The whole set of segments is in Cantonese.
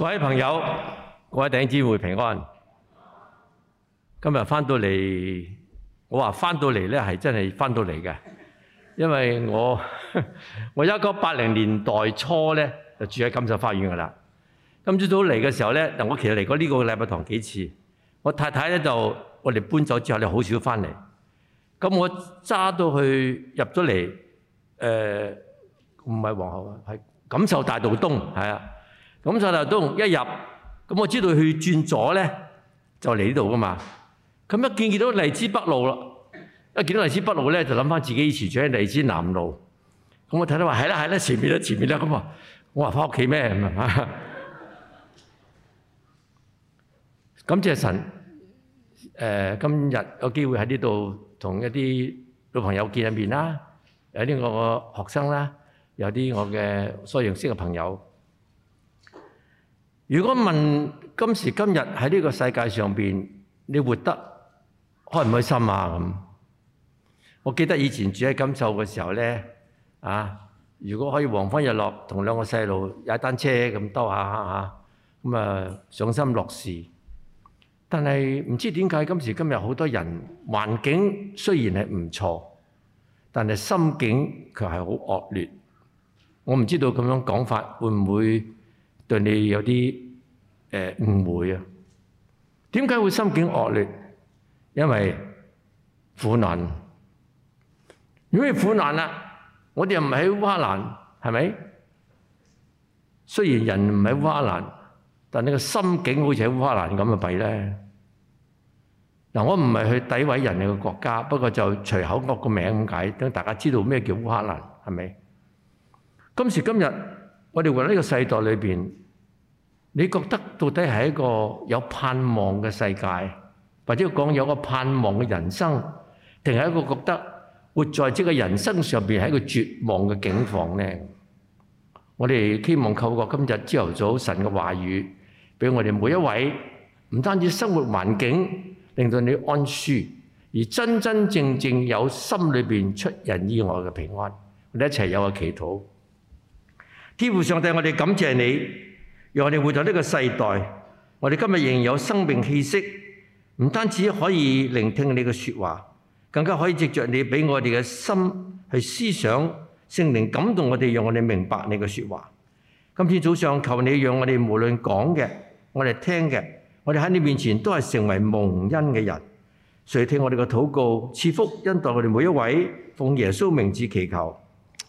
各位朋友，各位弟兄姊妹平安。今日翻到嚟，我話翻到嚟咧係真係翻到嚟嘅，因為我我一九八零年代初咧就住喺錦繡花園噶啦。今朝早嚟嘅時候咧，我其實嚟過呢個禮拜堂幾次。我太太咧就我哋搬走之後咧好少翻嚟。咁我揸到去入咗嚟，誒、呃，唔係皇后啊，係錦繡大道東，係啊。咁曬頭東一入，咁我知道去轉咗咧就嚟呢度㗎嘛。咁一見見到荔枝北路啦，一見到荔枝北路咧就諗翻自己以前住喺荔枝南路。咁我睇到話係啦，係啦，前面啦前面啦，咁啊。我話翻屋企咩？咁謝神誒，今日有機會喺呢度同一啲老朋友見一面啦，有啲我嘅學生啦，有啲我嘅所認識嘅朋友。如果問今時今日喺呢個世界上邊你活得開唔開心啊？咁我記得以前住喺錦繡嘅時候咧，啊，如果可以黃昏日落同兩個細路踩單車咁兜下下，咁啊賞心樂事。但係唔知點解今時今日好多人環境雖然係唔錯，但係心境卻係好惡劣。我唔知道咁樣講法會唔會？對你有啲誒誤會啊？點解會心境惡劣？因為苦難。因為苦難啦，我哋又唔喺烏克蘭，係咪？雖然人唔喺烏克蘭，但你個心境好似喺烏克蘭咁，咪弊咧？嗱，我唔係去詆毀人哋個國家，不過就隨口噏個名咁解，等大家知道咩叫烏克蘭，係咪？今時今日。我哋活喺呢個世代裏邊，你覺得到底係一個有盼望嘅世界，或者講有個盼望嘅人生，定係一個覺得活在呢個人生上邊係一個絕望嘅境況呢？我哋希望透過今日朝頭早神嘅話語，俾我哋每一位唔單止生活環境令到你安舒，而真真正正有心裏邊出人意外嘅平安，我哋一齊有個祈禱。天父上帝，我哋感謝你，讓我哋活在呢個世代，我哋今日仍有生命氣息，唔單止可以聆聽你嘅說話，更加可以藉着你俾我哋嘅心去思想聖靈感動我哋，讓我哋明白你嘅說話。今天早上，求你讓我哋無論講嘅，我哋聽嘅，我哋喺你面前都係成為蒙恩嘅人。垂聽我哋嘅禱告，賜福恩待我哋每一位。奉耶穌名字祈求，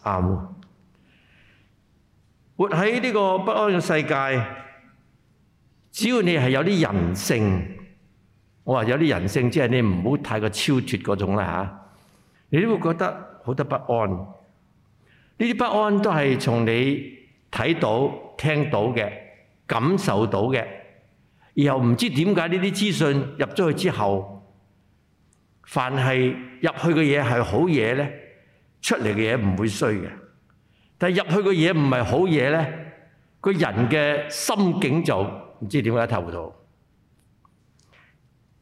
阿門。活喺呢個不安嘅世界，只要你係有啲人性，我話有啲人性，即係你唔好太過超脫嗰種啦嚇，你都會覺得好多不安。呢啲不安都係從你睇到、聽到嘅、感受到嘅，然後唔知點解呢啲資訊入咗去之後，凡係入去嘅嘢係好嘢咧，出嚟嘅嘢唔會衰嘅。但入去個嘢唔係好嘢呢，個人嘅心境就唔知點解一頭到。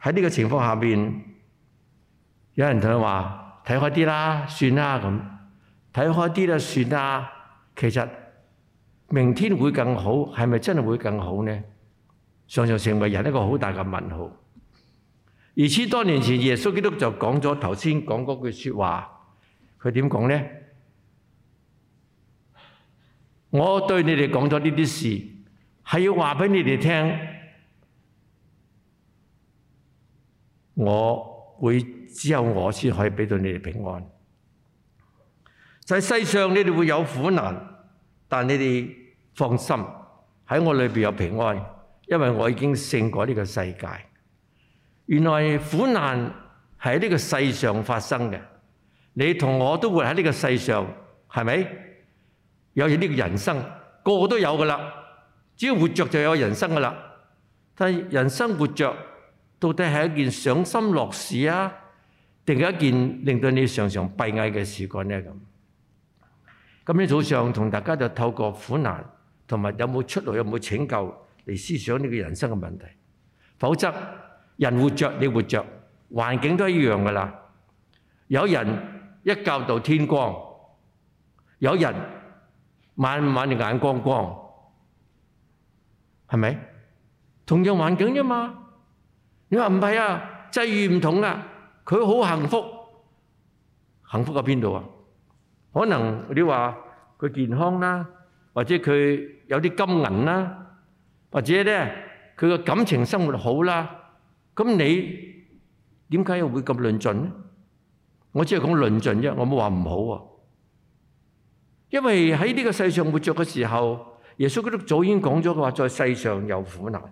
喺呢個情況下有人同佢話：睇開啲啦，算啦咁，睇開啲啦，算啦。其實明天會更好，係咪真係會更好呢？常常成為人一個好大嘅問號。二千多年前，耶穌基督就講咗頭先講嗰句說話，佢點講呢？」我對你哋講咗呢啲事，係要話畀你哋聽，我會只有我先可以畀到你哋平安。在、就是、世上你哋會有苦難，但你哋放心喺我裏邊有平安，因為我已經勝過呢個世界。原來苦難係喺呢個世上發生嘅，你同我都活喺呢個世上，係咪？有呢個人生，個個都有噶啦。只要活着就有人生噶啦。但係人生活着，到底係一件賞心樂事啊，定係一件令到你常常閉翳嘅事幹呢？咁，今日早上同大家就透過苦難同埋有冇出路有冇拯救嚟思想呢個人生嘅問題。否則人活着你活着，環境都一樣噶啦。有人一覺到天光，有人，晚唔晚就眼光光，係咪？同樣環境啫嘛。你話唔係啊？際遇唔同啦，佢好幸福，幸福喺邊度啊？可能你話佢健康啦，或者佢有啲金銀啦，或者呢佢嘅感情生活好啦。咁你點解又會咁論盡咧？我只係講論盡啫，我冇話唔好喎。因為喺呢個世上活着嘅時候，耶穌基督早已經講咗嘅話，在世上有苦難。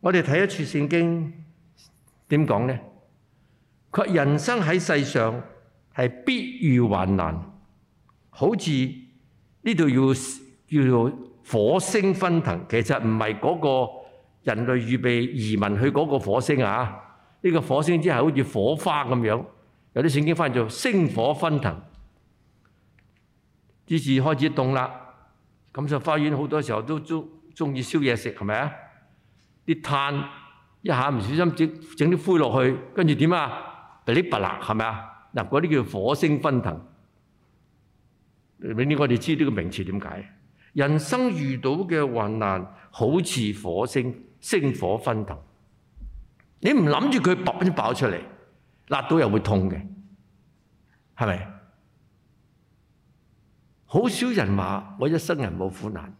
我哋睇一次聖經，點講咧？佢話人生喺世上係必遇患難，好似呢度要叫做火星紛騰。其實唔係嗰個人類預備移民去嗰個火星啊！呢個火星只係好似火花咁樣，有啲聖經翻譯做星火紛騰。於是開始凍啦，咁就花園好多時候都中中意燒嘢食，係咪啊？啲炭一下唔小心整整啲灰落去，跟住點啊？噼哩啪啦係咪啊？嗱，嗰啲叫火星飛騰。你我哋知呢個名詞點解？人生遇到嘅患難好似火星，星火飛騰。你唔諗住佢拔一爆出嚟，辣到又會痛嘅，係咪？好少人話我一生人冇苦難，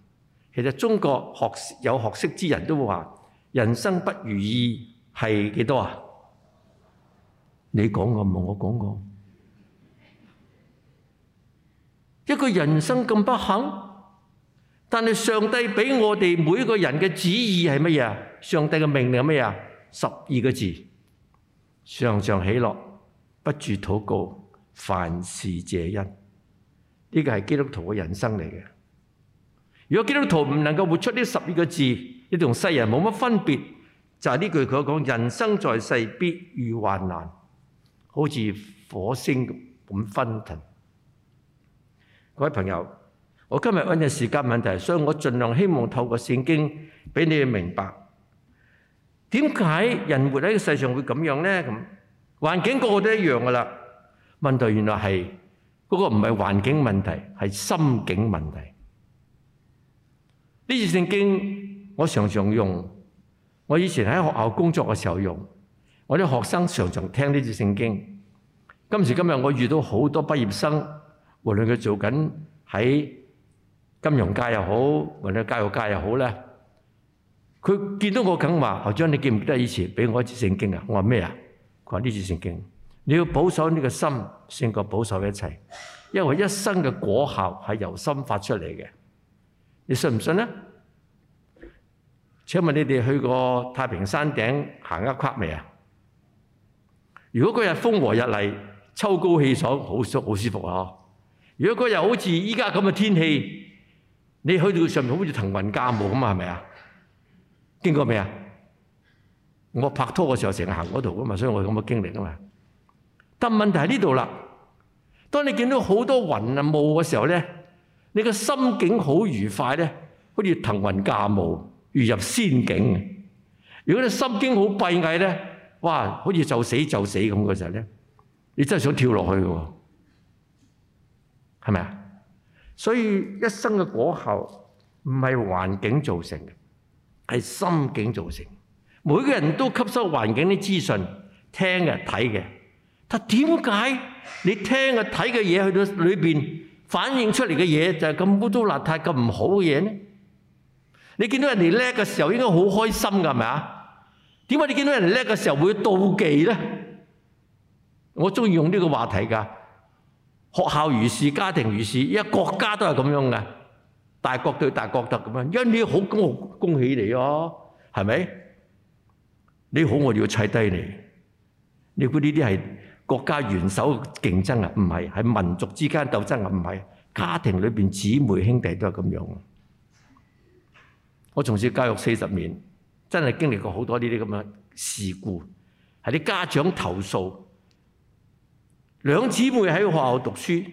其實中國學有學識之人都會話人生不如意係幾多啊？你講過冇？我講過一個人生咁不幸，但係上帝畀我哋每個人嘅旨意係乜嘢啊？上帝嘅命令係乜嘢啊？十二個字：常常喜樂，不住禱告，凡事謝恩。呢個係基督徒嘅人生嚟嘅。如果基督徒唔能夠活出呢十二個字，你同世人冇乜分別，就係呢句佢講：人生在世必遇患難，好似火星咁飛騰。各位朋友，我今日按陣時間問題，所以我盡量希望透過聖經俾你哋明白點解人活喺個世上會咁樣咧？咁環境個個都一樣㗎啦。問題原來係。嗰個唔係環境問題，係心境問題。呢節聖經我常常用，我以前喺學校工作嘅時候用，我啲學生常常聽呢節聖經。今時今日我遇到好多畢業生，無論佢做緊喺金融界又好，或者教育界又好呢，佢見到我咁話，學長你記唔記得以前俾我一節聖經呀？我話咩呀？佢話呢節聖經。你要保守呢個心，先夠保守一切，因為一生的果效是由心發出來的。你信不信呢？請問你們去過太平山頂行一圈未啊？如果嗰日風和日麗，秋高氣爽，好舒好舒服啊。如果嗰日好像現在這樣的天氣，你去到上面好似騰雲駕霧咁，是不是咪啊？經過未啊？我拍拖的時候成日行那度啊嘛，所以我有這樣的經歷但問題喺呢度啦，當你見到好多雲啊霧嘅時候咧，你個心境好愉快咧，好似騰雲駕霧，如入仙境；如果啲心境好閉翳咧，哇，好似就死就死咁嗰陣咧，你真係想跳落去喎，係咪啊？所以一生嘅果效唔係環境造成嘅，係心境造成的。每個人都吸收環境啲資訊，聽嘅睇嘅。看的。但點解你聽啊睇嘅嘢去到裏邊反映出嚟嘅嘢就係咁污糟邋遢、咁唔好嘅嘢呢？你見到人哋叻嘅時候應該好開心㗎，係咪啊？點解你見到人哋叻嘅時候會妒忌呢？我中意用呢個話題㗎。學校如是，家庭如是，因為國家都係咁樣嘅，大國對大國都係咁樣，因為你好，我恭喜你哦，係咪？你好，我就砌低你。你估呢啲係？國家元首競爭啊，唔係，係民族之間鬥爭啊，唔係家庭裏邊姊妹兄弟都係咁樣。我從事教育四十年，真係經歷過好多呢啲咁嘅事故，係啲家長投訴，兩姊妹喺學校讀書，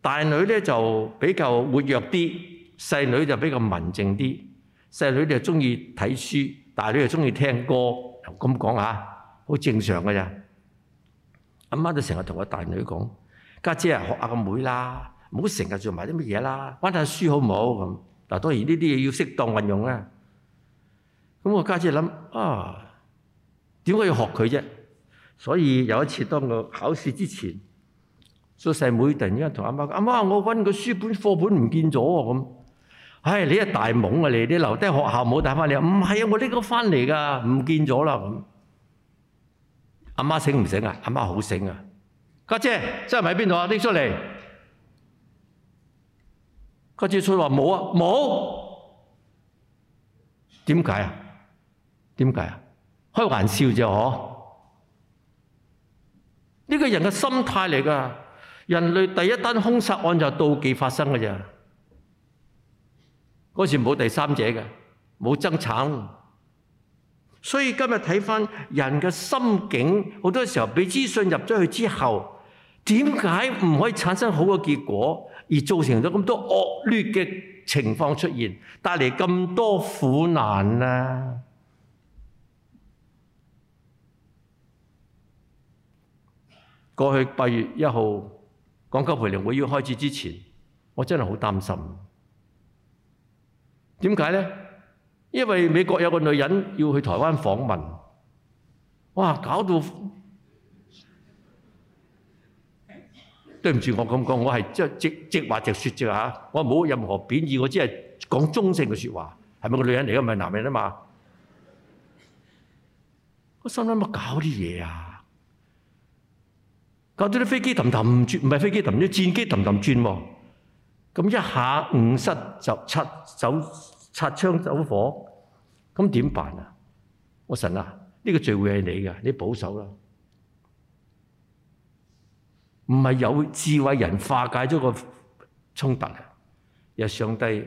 大女咧就比較活躍啲，細女就比較文靜啲。細女就鍾意睇書，大女就鍾意聽歌。咁講嚇，好正常㗎咋～阿媽就成日同我大女講：家姐啊，學下個妹啦，唔好成日做埋啲乜嘢啦，温下書好唔好？咁嗱，當然呢啲嘢要適當運用啊。咁我家姐諗啊，點解要學佢啫？所以有一次當我考試之前，細妹突然間同阿媽講：阿媽，我温個書本課本唔見咗咁，唉，你一大懵啊！你啲留低學校冇帶翻嚟？唔係啊，我拎咗翻嚟㗎，唔見咗啦咁。阿媽醒唔醒啊？阿媽好醒啊！家姐，真係喺邊度啊？拎出嚟。家姐佢話冇啊，冇。點解啊？點解啊？開玩笑啫呵！呢個人嘅心態嚟㗎。人類第一單兇殺案就係妒忌發生嘅啫。嗰時冇第三者嘅，冇爭產。所以今日睇返人嘅心境，好多時候俾資訊入咗去之後，點解唔可以產生好嘅結果，而造成咗咁多惡劣嘅情況出現，帶嚟咁多苦難呢？過去八月一號港九培靈會要開始之前，我真係好擔心。點解呢？因為美國有個女人要去台灣訪問，哇！搞到對唔住我咁講，我係即係直直話直説啫，我冇任何貶義，我只係講中性嘅説話，係咪個女人嚟嘅？唔係男人啊嘛！我心諗乜搞啲嘢啊？搞到啲飛機氹氹轉，唔係飛機氹，啲戰機氹氹轉喎。咁一下五失就七走。擦槍走火，咁點辦啊？我神啊，呢、這個聚會係你嘅，你保守啦。唔係有智慧人化解咗個衝突啊，而上帝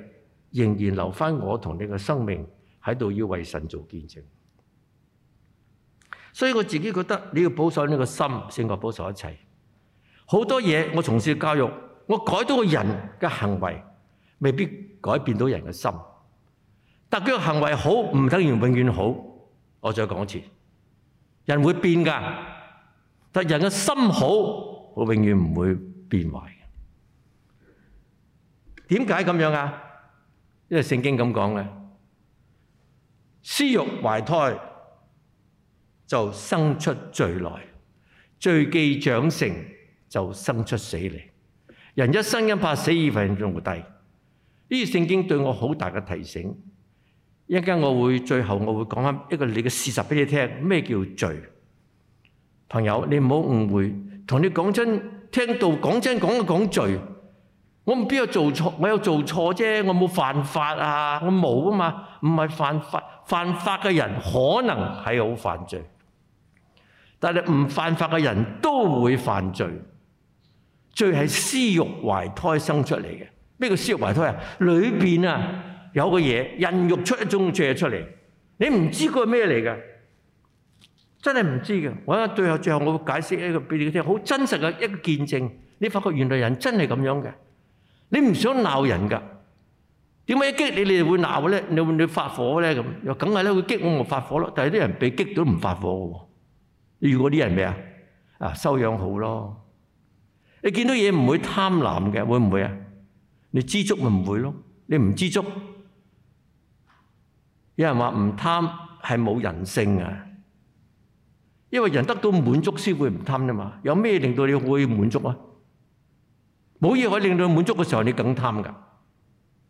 仍然留翻我同你嘅生命喺度，要為神做見證。所以我自己覺得，你要保守呢個心，先可保守一切。好多嘢我從事教育，我改到個人嘅行為，未必改變到人嘅心。但佢嘅行為好唔等於永遠好。我再講一次，人會變㗎。但人嘅心好，永遠唔會變壞嘅。點解咁樣啊？因為聖經咁講嘅，私欲懷胎就生出罪來，罪既長成就生出死嚟。人一生因怕死而犯上帝。呢個聖經對我好大嘅提醒。一陣間我會最後我會講翻一個你嘅事實俾你聽，咩叫罪？朋友，你唔好誤會，同你講真，聽到講真講就講罪，我唔必要做錯，我有做錯啫，我冇犯法啊，我冇啊嘛，唔係犯法，犯法嘅人可能係好犯罪，但係唔犯法嘅人都會犯罪，罪係私欲懷胎生出嚟嘅。咩叫私欲懷胎裡面啊？裏邊啊～有個嘢，孕育出一種嘢出嚟，你唔知佢係咩嚟嘅，真係唔知嘅。我覺得最後最後我會解釋一個俾你聽，好真實嘅一個見證。你發覺原來人真係咁樣嘅，你唔想鬧人㗎，點解一激你你就會鬧咧？你會你發火咧咁？又梗係啦，佢激我咪發火咯。但係啲人被激都唔發火嘅喎。你遇過啲人未啊？啊，修養好咯，你見到嘢唔會貪婪嘅，會唔會啊？你知足咪唔會咯？你唔知足。有人話唔貪係冇人性㗎！因為人得到滿足先會唔貪吖嘛。有咩令到你會滿足啊？冇嘢可以令到滿足嘅時候，你梗貪㗎。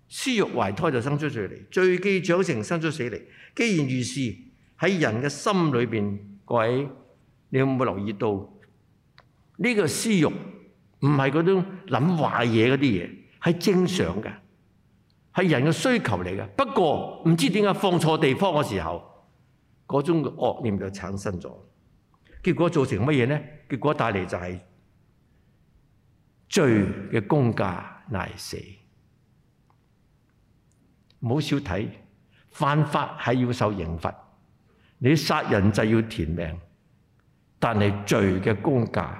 私欲懷胎就生出罪嚟，罪既長成生出死嚟。既然如此，喺人嘅心裏面，各位，你有冇留意到呢個私欲唔係嗰種諗壞嘢嗰啲嘢，係正常嘅。係人嘅需求嚟嘅，不過唔知點解放錯地方嘅時候，嗰種惡念就產生咗，結果造成乜嘢呢？結果帶嚟就係罪嘅工價，乃死。唔好小睇，犯法係要受刑罰，你殺人就要填命，但係罪嘅工價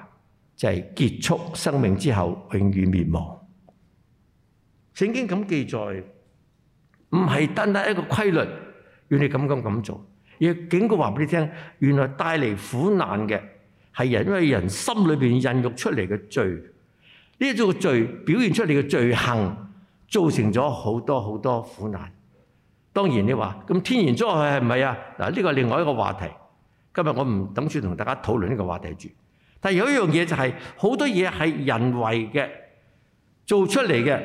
就係結束生命之後永遠滅亡。聖經咁記載，唔係單單一個規律要你咁咁咁做，要警告話俾你聽，原來帶嚟苦難嘅係人，因為人心裏邊孕育出嚟嘅罪，呢種罪表現出嚟嘅罪行，造成咗好多好多苦難。當然你話咁天然災害係唔係啊？嗱，呢個係另外一個話題，今日我唔打算同大家討論呢個話題住。但係有一樣嘢就係，好多嘢係人為嘅做出嚟嘅。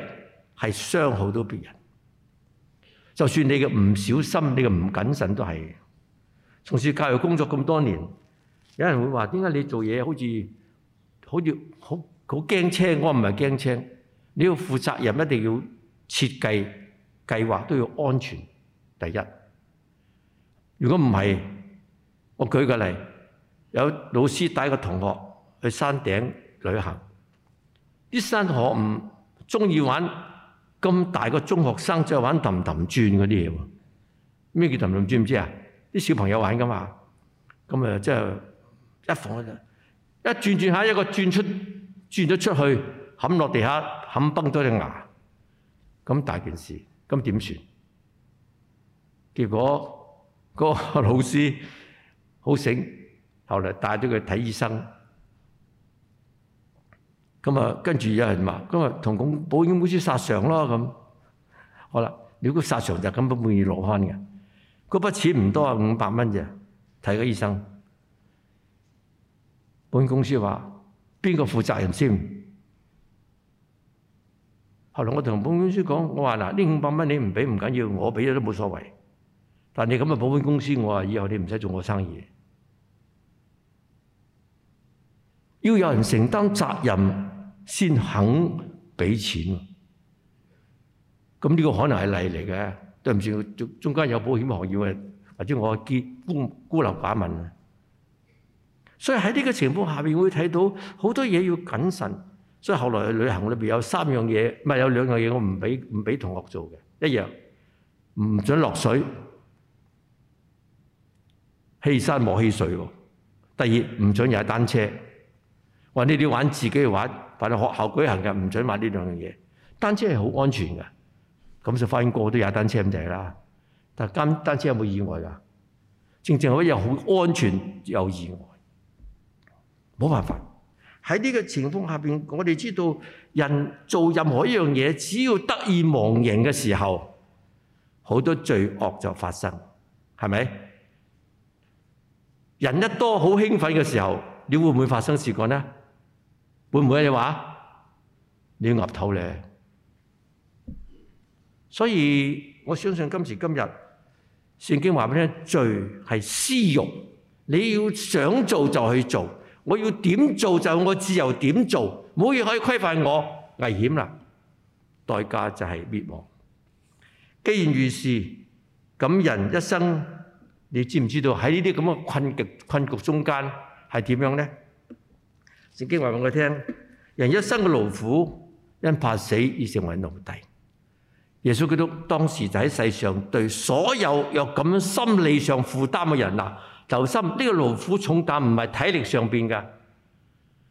係傷害到別人，就算你嘅唔小心、你嘅唔謹慎都係。從事教育工作咁多年，有人會話點解你做嘢好似好驚青？我唔係驚車驚青，你要負責任，一定要設計計劃都要安全第一。如果唔係，我舉個例，有老師帶一個同學去山頂旅行，啲山河唔鍾意玩。咁大個中學生就玩氹氹轉嗰啲嘢喎？咩叫氹氹轉唔知啊？啲小朋友玩㗎嘛？咁誒即係一放一轉，轉下一個轉，出轉咗出去冚落地下，冚崩多隻牙，咁大件事，咁點算？結果個老師好醒，後來帶咗佢睇醫生。咁啊，跟住有人話，今日同保險公司索償啦，咁好啦。如果索償就根本唔會落翻嘅，嗰筆錢唔多啊，五百蚊啫。睇個醫生，保險公司話邊個負責任先？後來我同保險公司講，我話嗱，呢五百蚊你唔俾唔緊要，我俾咗都冇所謂。但係你咁嘅保險公司，我話以後你唔使做我生意，要有人承擔責任。先肯俾錢，咁呢個可能係例嚟嘅。對唔住，中間有保險行業嘅，或者我係結孤孤陋寡聞，所以喺呢個情況下面我會睇到好多嘢要謹慎。所以後來去旅行裏面有三樣嘢，唔係有兩樣嘢，我唔俾唔俾同學做嘅。一,一樣唔准落水，欺山莫欺水，第二唔准踩單車，話你哋玩自己嘅玩。凡係學校舉行嘅，唔准買呢兩樣嘢。單車係好安全嘅，咁就發現個個都有單車咁滯啦。但單單車有冇意外㗎？正正嗰樣好安全有意外，冇辦法。喺呢個情況下我哋知道人做任何一樣嘢，只要得意忘形嘅時候，好多罪惡就發生，係咪？人一多好興奮嘅時候，你會唔會發生事故呢？會唔會啊？你話，你要岌頭咧，所以我相信今時今日，聖經話俾你聽，罪係私欲，你要想做就去做，我要點做就我自由點做，冇嘢可以規範我，危險啦，代價就係滅亡。既然如是，咁人一生你知唔知道喺呢啲咁嘅困局困局中間係點樣咧？聖經話：，話俾我聽，人一生嘅勞苦，因怕死而成為奴隸。耶穌基督當時就喺世上對所有有咁心理上負擔嘅人啊，留心呢、這個勞苦重擔唔係體力上邊嘅，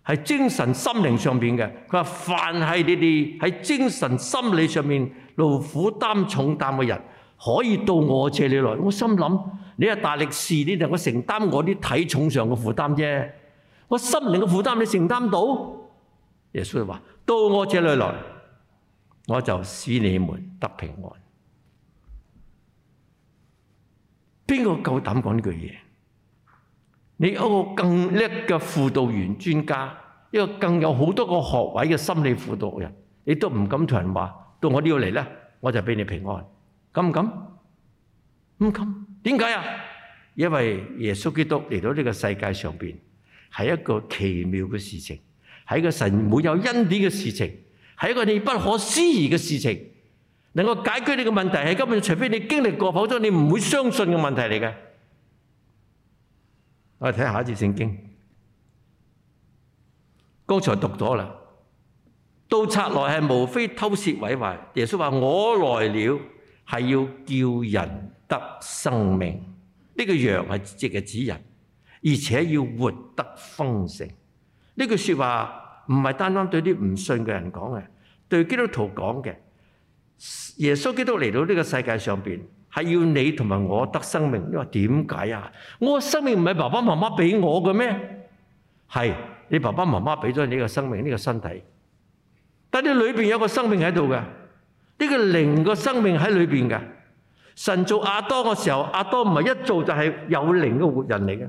係精神心靈上邊嘅。佢話：，凡係你哋喺精神心理上面勞苦擔重擔嘅人，可以到我這裏來。我心諗，你係大力士，你能夠承擔我啲體重上嘅負擔啫。我心靈嘅負擔，你承擔到？耶穌就話：到我這裏來，我就使你們得平安。邊個夠膽講呢句嘢？你一個更叻嘅輔導員專家，一個更有好多個學位嘅心理輔導人，你都唔敢同人話：到我呢度嚟咧，我就俾你平安。敢唔敢？唔敢。點解啊？因為耶穌基督嚟到呢個世界上面。是一個奇妙的事情，是一個神會有恩典的事情，是一個你不可思議的事情，能夠解決呢個問題，是根本，除非你經歷過，否則你唔會相信的問題嚟嘅。我們看，看下一次聖經，剛才讀咗啦，盜賊來是無非偷竊毀壞。耶穌話，我來了是要叫人得生命，這個羊係即係指人。而且要活得豐盛。呢句説話唔係單單對啲唔信嘅人講嘅，對基督徒講嘅。耶穌基督嚟到呢個世界上邊係要你同埋我得生命。你話點解啊？我嘅生命唔係爸爸媽媽俾我嘅咩？係，你爸爸媽媽俾咗你個生命呢個身體，但你呢裏邊有個生命喺度嘅，呢個靈個生命喺裏邊嘅。神做亞當嘅時候，亞當唔係一做就係有靈嘅活人嚟嘅。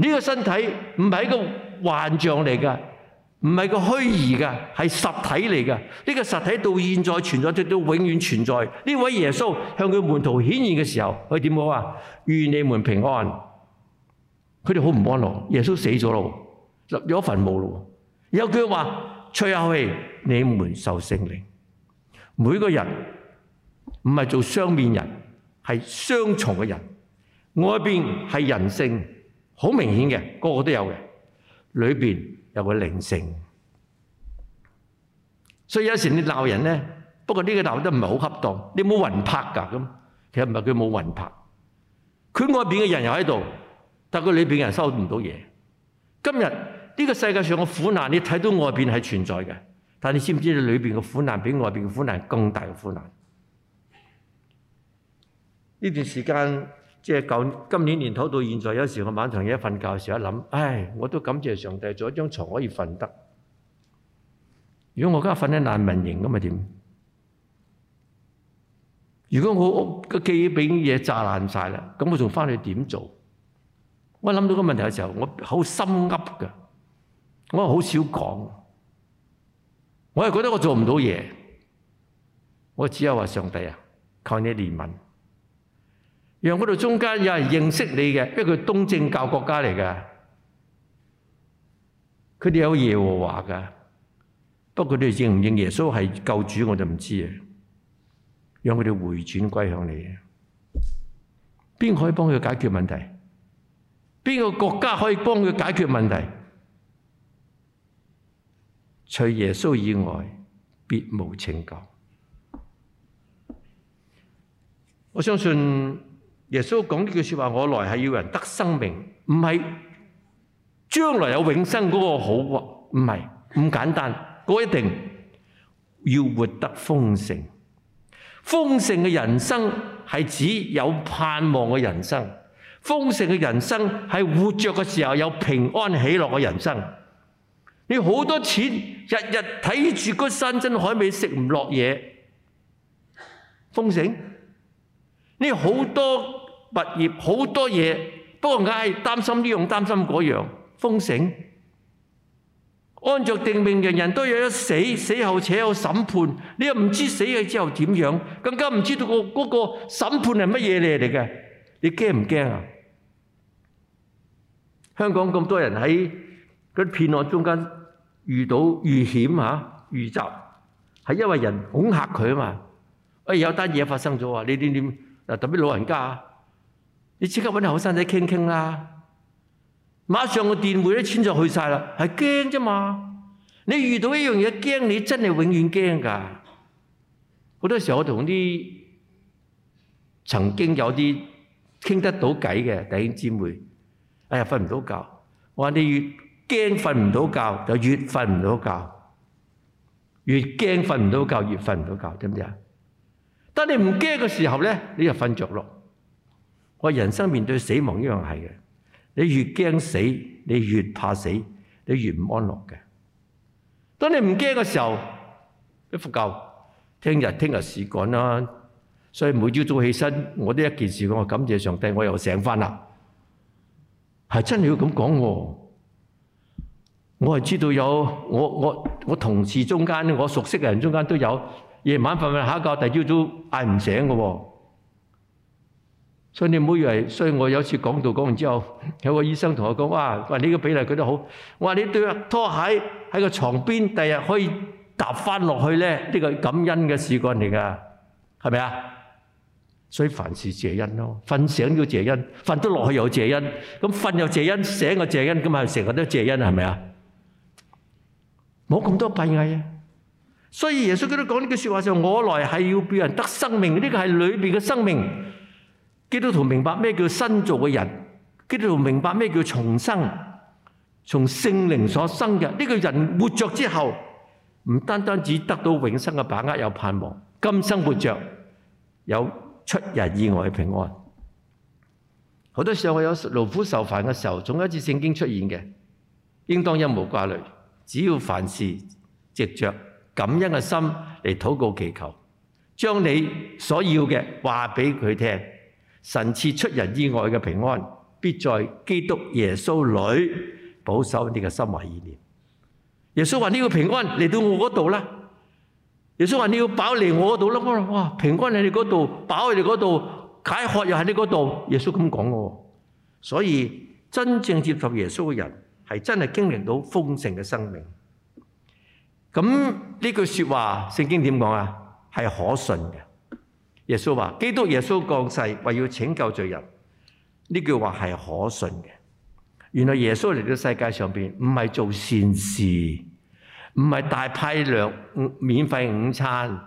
這個身體不是一個幻象來的不是一個虛擬的是實體來的這個實體到現在存在，直到永遠存在。呢位耶穌向佢門徒顯現的時候，佢點講啊？願你們平安。他們好不安樂，耶穌死了咯，入咗墳墓咯。有句話：吹口氣，你們受聖靈。每個人不是做雙面人，是雙重的人。外邊是人性。好明顯嘅，個個都有嘅，裏面有個靈性。所以有時你鬧人呢，不過呢個鬧得唔係好恰當。你冇魂魄㗎，其實唔係佢冇魂魄。佢外邊嘅人又喺度，但係佢裏邊嘅人收唔到嘢。今日呢個世界上嘅苦難，你睇到外邊係存在嘅，但你知唔知？你裏面嘅苦難比外邊嘅苦難更大嘅苦難。呢段時間。即係舊今年年頭到現在，有時我晚上一瞓覺嘅時候一諗，唉，我都感謝上帝，做咗張床可以瞓得。如果我而家瞓喺難民營咁，咪點？如果我屋企嘅寄俾啲嘢炸爛晒啦，咁我仲翻去點做？我諗到個問題嘅時候，我好心急㗎，我好少講。我係覺得我做唔到嘢，我只有話上帝啊，靠你憐憫。讓嗰度中間有人認識你嘅，因為佢東正教國家嚟噶，佢哋有耶和華噶，不過你哋認唔認耶穌係救主我就唔知啊。讓佢哋回轉歸向你，邊可以幫佢解決問題？邊個國家可以幫佢解決問題？除耶穌以外，別無拯救。我相信。耶穌講呢句說話，我來係要人得生命，唔係將來有永生嗰個好喎，唔係咁簡單，嗰一定要活得豐盛。豐盛嘅人生係指有盼望嘅人生，豐盛嘅人生係活著嘅時候有平安喜樂嘅人生。你好多錢，日日睇住個山珍海味食唔落嘢，豐盛？你好多，物業好多嘢，不過硬係擔心呢樣，擔心嗰樣，風聲按著定命，人人都有一死，死後且有審判，你又唔知死咗之後點樣，更加唔知道個嗰個審判係乜嘢嚟嘅，你驚唔驚啊？香港咁多人喺嗰啲騙案中間遇到遇險嚇遇襲，係因為人恐嚇佢啊嘛，誒有單嘢發生咗啊，你點點，嗱，特別老人家。你即刻揾啲後生仔傾傾啦，馬上個電匯都穿咗去曬啦，係驚啫嘛！你遇到一樣嘢驚，你真係永遠驚㗎。好多時候我同啲曾經有啲傾得到偈嘅弟兄姊妹，哎呀瞓唔到覺，我話你越驚瞓唔到覺就越瞓唔到覺，越驚瞓唔到覺越瞓唔到覺，點唔點啊？但你唔驚嘅時候咧，你就瞓著咯。我人生面對死亡一樣係嘅，你越驚死，你越怕死，你越唔安樂嘅。當你唔驚嘅時候，啲佛教聽日聽日事趕啦，所以每朝早起身，我都一件事，我感謝上帝，我又醒翻啦，係真係要咁講喎。我係知道有我我我同事中間，我熟悉嘅人中間都有夜晚瞓瞓下一覺，第朝早嗌唔醒嘅喎。所以你唔好以為，所以我有次講道講完之後，有個醫生同我講：哇！話呢個比例佢都好。我話你對拖鞋喺個床邊，第日可以踏翻落去咧。呢個感恩嘅事幹嚟噶，係咪啊？所以凡事謝恩咯。瞓醒都要謝恩，瞓得落去又謝恩。咁瞓又謝恩，醒又謝恩，咁係成日都謝恩，係咪啊？冇咁多閉翳啊！所以耶穌佢都講呢句説話：就我來係要俾人得生命，呢個係裏邊嘅生命。基督徒明白咩叫新造嘅人？基督徒明白咩叫重生？從聖靈所生嘅呢個人活着之後，唔單單只得到永生嘅把握有盼望，今生活着有出人意外嘅平安。好多時候我有勞苦受煩嘅時候，總有一次聖經出現嘅，應當一無掛慮，只要凡事藉着感恩嘅心嚟禱告祈求，將你所要嘅話俾佢聽。神賜出人意外嘅平安，必在基督耶穌裏保守你嘅心懷意念。耶穌話：呢個平安嚟到我嗰度啦。耶穌話：你要飽嚟我嗰度啦。我話：哇，平安喺你嗰度，飽喺你嗰度，解渴又喺你嗰度。耶穌咁講嘅，所以真正接受耶穌嘅人，係真係經歷到豐盛嘅生命。咁呢句說話，聖經點講啊？係可信嘅。耶穌話：基督耶穌降世，為要拯救罪人。呢句話係可信嘅。原來耶穌嚟到世界上面，唔係做善事，唔係大批量免費午餐、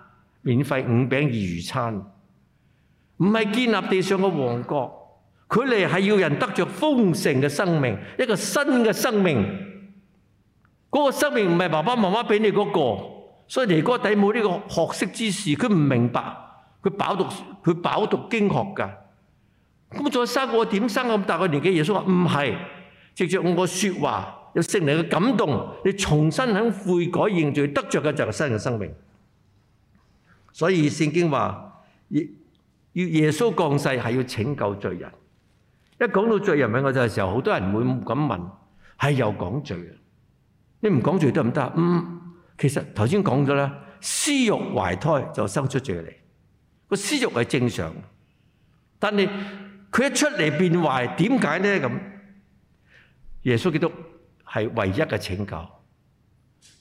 免費五餅二魚餐，唔係建立地上嘅王國。佢嚟係要人得着豐盛嘅生命，一個新嘅生命。嗰、那個生命唔係爸爸媽媽畀你嗰、那個，所以尼哥底母呢個學識之士，佢唔明白。佢飽讀佢飽讀，經學㗎。咁再生我點生咁大個年紀？耶穌話唔係，直接用我個説話，有聖靈嘅感動，你重新肯悔改認罪，得着嘅就係新嘅生命。所以聖經話，要耶穌降世係要拯救罪人。一講到罪人喺我哋嘅時候，好多人會咁問：係又講罪啊？你唔講罪得唔得？嗯，其實頭先講咗啦，私欲懷胎就生出罪嚟。個私欲係正常，但係佢一出嚟變壞，點解呢？咁耶穌基督係唯一嘅拯救，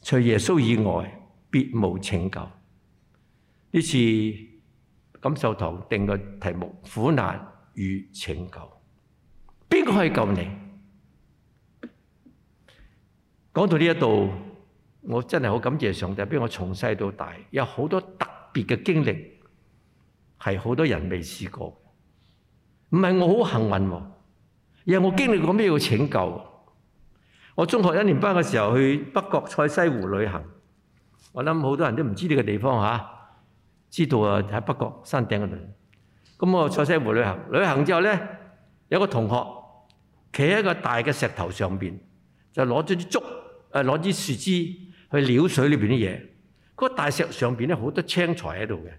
除耶穌以外，別無拯救。呢次感受堂定個題目：苦難與拯救，邊個可以救你？講到呢一度，我真係好感謝上帝，俾我從細到大有好多特別嘅經歷。係好多人未試過嘅，唔係我好幸運喎，而係我經歷過咩嘅拯救？我中學一年班嘅時候去北角賽西湖旅行，我諗好多人都唔知呢個地方嚇，知道啊喺北角山頂嗰度。咁我賽西湖旅行，旅行之後咧，有一個同學企喺個大嘅石頭上邊，就攞咗支竹，誒攞支樹枝去撩水裏邊啲嘢。嗰、那個大石上邊咧好多青苔喺度嘅。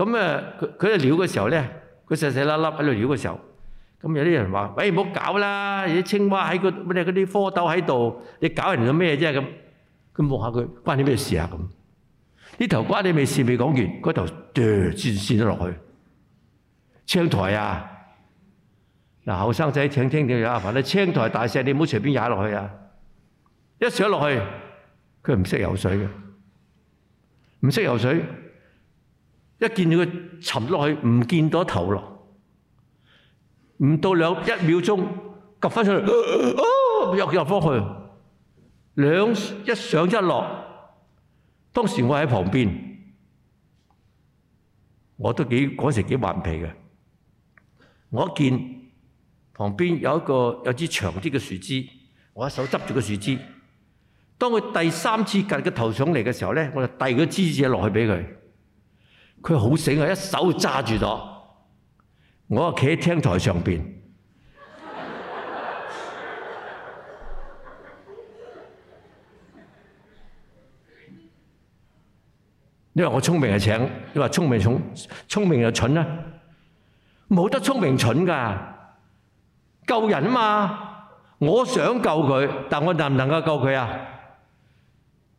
咁啊，佢佢喺撩嘅時候咧，佢細細粒粒喺度撩嘅時候，咁有啲人話：，喂，唔好搞啦，啲青蛙喺個乜嘢嗰啲蝌蚪喺度，你搞人做咩啫？咁，佢望下佢，關你咩事啊？咁，呢頭瓜你未試未講完，嗰頭嘟，線線咗落去。青苔啊，嗱，後生仔請聽清楚阿凡，你青苔大石你唔好隨便踩落去啊，一踩落去，佢唔識游水嘅，唔識游水，一見佢沉落去，唔見到頭落，唔到一秒鐘，撳翻上嚟，又入翻去，兩一上一落，當時我喺旁邊，我都幾嗰時幾頑皮嘅，我一見旁邊有一個有支長啲嘅樹枝，我一手執住個樹枝，當佢第三次撳個頭上嚟嘅時候咧，我就遞個枝子落去俾佢。佢好醒啊！一手揸住咗，我啊企喺廳台上邊。因為 我聰明係請，你話聰明聰明又蠢啦、啊，冇得聰明蠢㗎！救人嘛！我想救佢，但我能唔能夠救佢啊？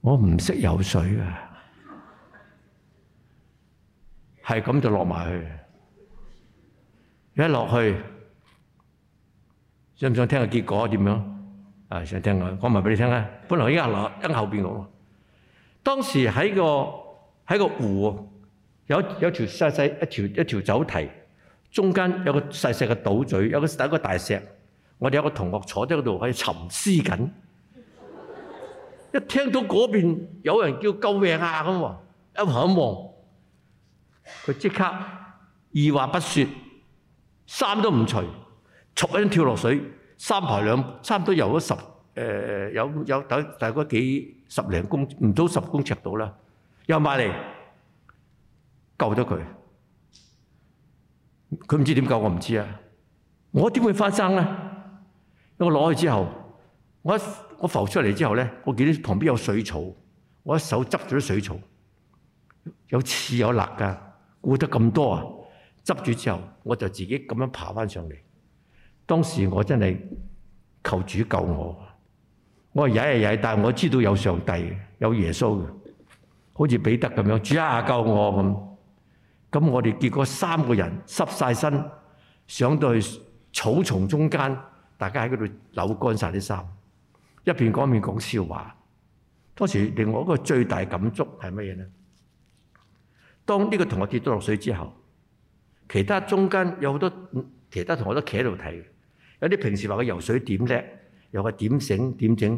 我唔識游水㗎。係咁就落埋去，一落去，想唔想聽下結果點樣？樣，啊，想聽啊，講埋俾你聽啊！本來依家落跟後面的當，當時喺個，個湖，有有條細細一條，小小一，條一條走堤，中間有個細細嘅島嘴，有個大石，我哋有個同學坐喺嗰度喺沉思緊，一聽到嗰邊有人叫救命啊，一望一望。佢即刻二話不説，衫都唔除，速咁跳落水，三排兩差唔多遊咗十誒、呃、有有大大概幾十零公唔到十公尺到啦，又埋嚟救咗佢。佢唔知點救我唔知啊！我點會翻生咧？我攞去之後，我一我浮出嚟之後咧，我見到旁邊有水草，我一手執住啲水草，有刺有辣噶。顧得咁多啊！執住之後，我就自己咁樣爬翻上嚟。當時我真係求主救我。我曳曳曳，但係我知道有上帝、有耶穌嘅，好似彼得咁樣，主啊救我咁。咁我哋結果三個人濕晒身，上到去草叢中間，大家喺嗰度扭乾晒啲衫，一邊講一邊講笑話。當時令我一個最大感觸係乜嘢咧？當呢個同學跌咗落水之後，其他中間有好多其他同學都企喺度睇嘅，有啲平時話佢游水點叻，又話點整點整，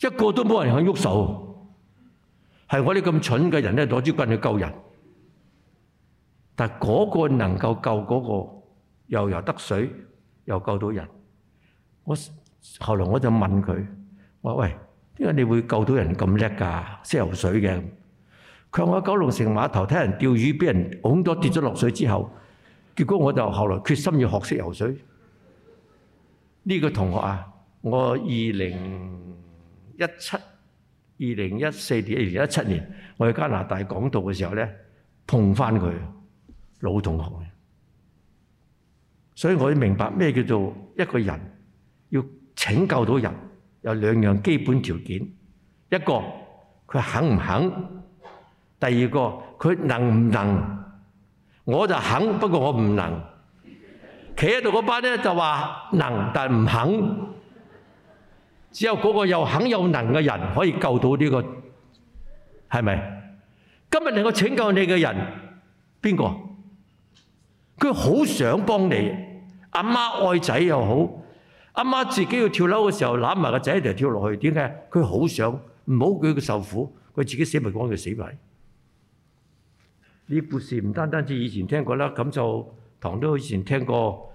一個都冇人肯喐手，係我哋咁蠢嘅人咧攞支棍去救人，但嗰個能夠救嗰個又游得水又救到人，我後來我就問佢：話喂，點解你會救到人咁叻㗎？識游水嘅？佢話我喺九龍城碼頭睇人釣魚，俾人㧬咗跌咗落水之後，結果我就後來決心要學識游水。呢個同學啊，我二零一七、二零一四年、二零一七年，我喺加拿大講道嘅時候咧，碰返佢老同學。所以我明白咩叫做一個人要拯救到人，有兩樣基本條件：一個佢肯唔肯？第二個佢能唔能？我就肯，不過我唔能。企喺度嗰班咧就話能，但唔肯。只有嗰個又肯又能嘅人可以救到呢、這個，係咪？今日能夠拯救你嘅人邊個？佢好想幫你，阿媽愛仔又好，阿媽自己要跳樓嘅時候攬埋個仔一齊跳落去。點解？佢好想唔好佢受苦，佢自己死咪講佢死埋。呢故事唔單單止以前聽過啦，咁就堂都以前聽過。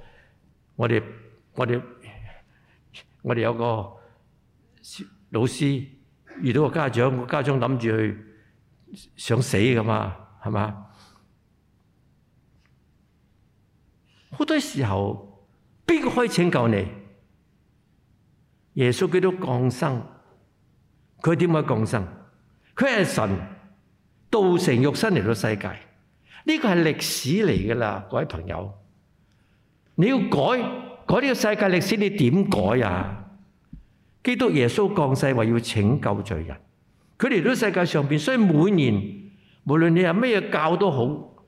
我哋我哋我哋有個老師遇到個家長，個家長諗住去想死㗎嘛，係嘛？好多時候邊個可以拯救你，耶穌基督降生，佢點解降生？佢係神。道成肉身嚟到世界，呢個係歷史嚟噶啦，各位朋友。你要改改呢個世界歷史，你點改啊？基督耶穌降世為要拯救罪人，佢嚟到世界上面，所以每年無論你係咩教都好，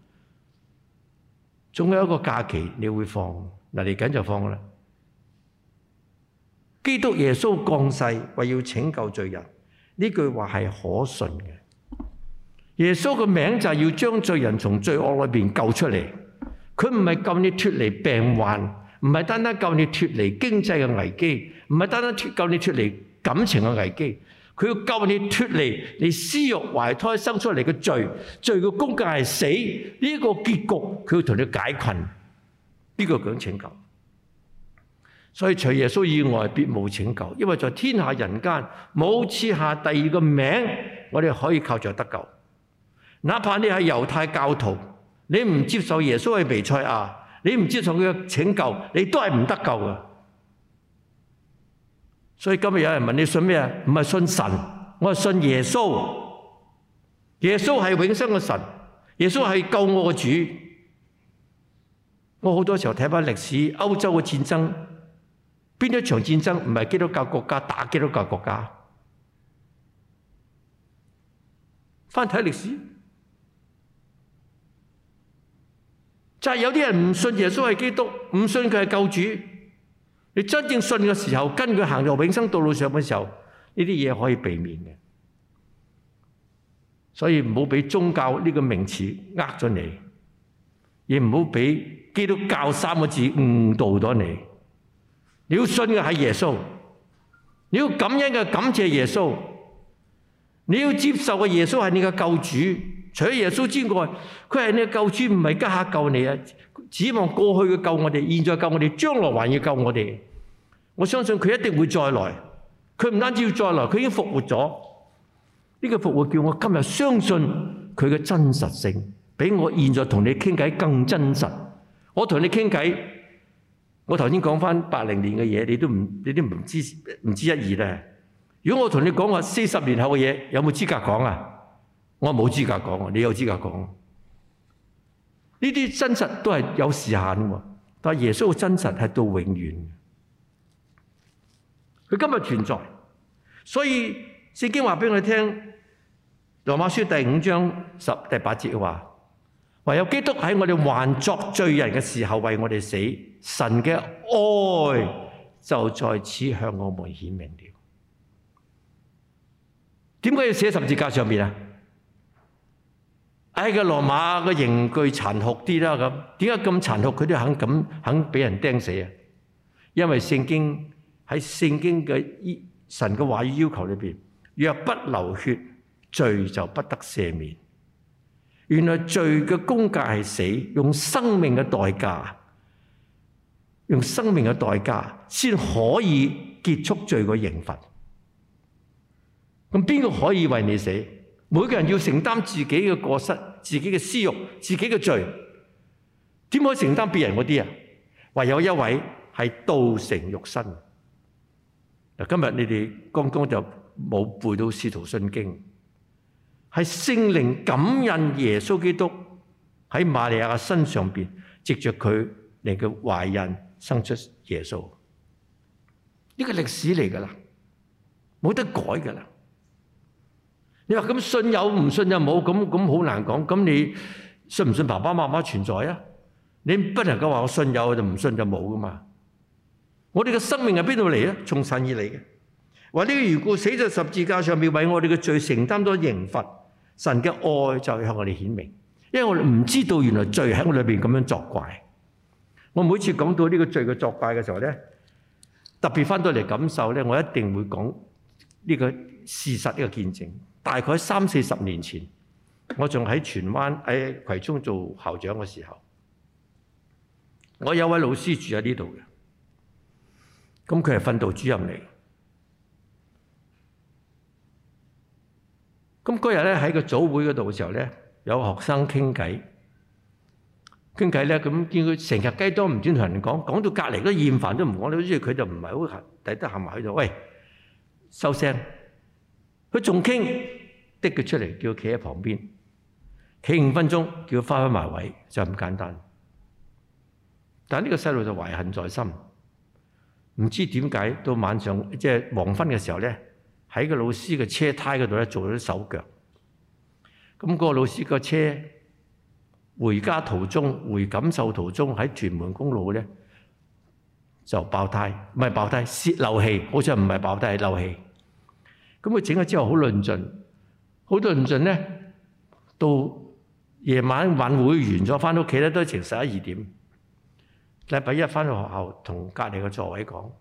總有一個假期你會放，嗱，嚟緊就放啦。基督耶穌降世為要拯救罪人，呢句話係可信嘅。耶穌的名字就是要將罪人從罪惡裏面救出來，他不是救你脫離病患，不是單單救你脫離經濟的危機，不是單單救你脫離感情的危機，他要救你脫離你私欲懷胎生出來的罪，罪的工價係死這個結局，他要同你解困，這個叫拯救。所以除耶穌以外，別無拯救，因為在天下人間冇賜下第二個名，我們可以靠着得救。哪怕你係猶太教徒，你唔接受耶穌係彌賽亞，你唔接受佢嘅拯救，你都係唔得救嘅。所以今日有人問你信咩啊？唔係信神，我係信耶穌。耶穌係永生嘅神，耶穌係救我嘅主。我好多時候睇翻歷史，歐洲嘅戰爭，邊一場戰爭唔係基督教國家打基督教國家？翻睇歷史。就係有啲人唔信耶穌係基督，唔信佢係救主。你真正信嘅時候，跟佢行入永生道路上嘅時候，呢啲嘢可以避免嘅。所以唔好俾宗教呢個名詞呃咗你，亦唔好俾基督教三個字誤導咗你。你要信嘅係耶穌，你要感恩嘅感謝耶穌，你要接受嘅耶穌係你嘅救主。除了耶穌之外，佢係你的救主，唔係家下救你啊！指望過去嘅救我哋，現在救我哋，將來還要救我哋。我相信佢一定會再來。佢唔單止要再來，佢已經復活咗。呢、這個復活叫我今日相信佢嘅真實性，比我現在同你傾偈更真實。我同你傾偈，我頭先講返八零年嘅嘢，你都唔，你都唔知，唔知一二。如果我同你講話四十年後嘅嘢，有冇有資格講啊？我冇資格講，你有資格講。呢啲真實都係有時限喎，但耶穌嘅真實係到永遠。佢今日存在，所以聖經話俾我哋聽，《羅馬書》第五章十第八節嘅話：唯有基督喺我哋還作罪人嘅時候為我哋死，神嘅愛就在此向我們顯明了。點解要寫十字架上面啊？哎！個羅馬個刑具殘酷啲啦，咁點解咁殘酷佢都肯咁肯俾人釘死啊？因為聖經喺聖經嘅神嘅話語要求裏面：「若不流血，罪就不得赦免。」原來罪嘅工價係死，用生命嘅代價，用生命嘅代價先可以結束罪嘅刑罰。咁邊個可以為你死？每個人要承擔自己嘅過失、自己嘅私欲、自己嘅罪，點可以承擔別人嗰啲呀？唯有一位係道成肉身。今日你哋剛剛就冇背到《使徒信經》，係聖靈感應，耶穌基督喺瑪利亞嘅身上邊，藉着佢令佢懷孕生出耶穌。呢個歷史嚟㗎啦，冇得改㗎啦。你話咁信有，唔信就冇，咁咁好難講。咁你信唔信爸爸媽媽存在啊？你不能夠話我信有就唔信就冇噶嘛？我哋嘅生命喺邊度嚟咧？從神而嚟嘅。話呢個如故，死咗十字架上面，為我哋嘅罪承擔咗刑罰。神嘅愛就會向我哋顯明，因為我哋唔知道原來罪喺我裏邊咁樣作怪。我每次講到呢個罪嘅作怪嘅時候咧，特別翻到嚟感受咧，我一定會講呢個事實，呢、呢個見證。大概三四十年前，我仲喺荃灣喺葵涌做校長嘅時候，我有位老師住喺呢度他，咁佢係訓導主任嚟。咁嗰日喺早會嗰度嘅時候有學生傾偈，傾偈咧，咁見佢成日雞多唔轉同人講，講到隔籬都厭煩都唔講，好似佢就唔係好埋去咗。喂，收聲！佢仲傾，的佢出嚟，叫佢企喺旁邊，企五分鐘，叫佢翻返埋位，就咁簡單。但呢個細路就懷恨在心，唔知點解到晚上即係、就是、黃昏嘅時候呢，喺、那個老師嘅車胎嗰度咧做咗手腳。咁個老師個車回家途中，回錦繡途中喺屯門公路呢，就爆胎，唔係爆胎，泄漏氣，好似唔係爆胎係漏氣。咁佢整咗之後好論盡，好論盡呢。到夜晚晚會完咗返到屋企咧都成十一二點。禮拜一返到學校同隔離個座位講，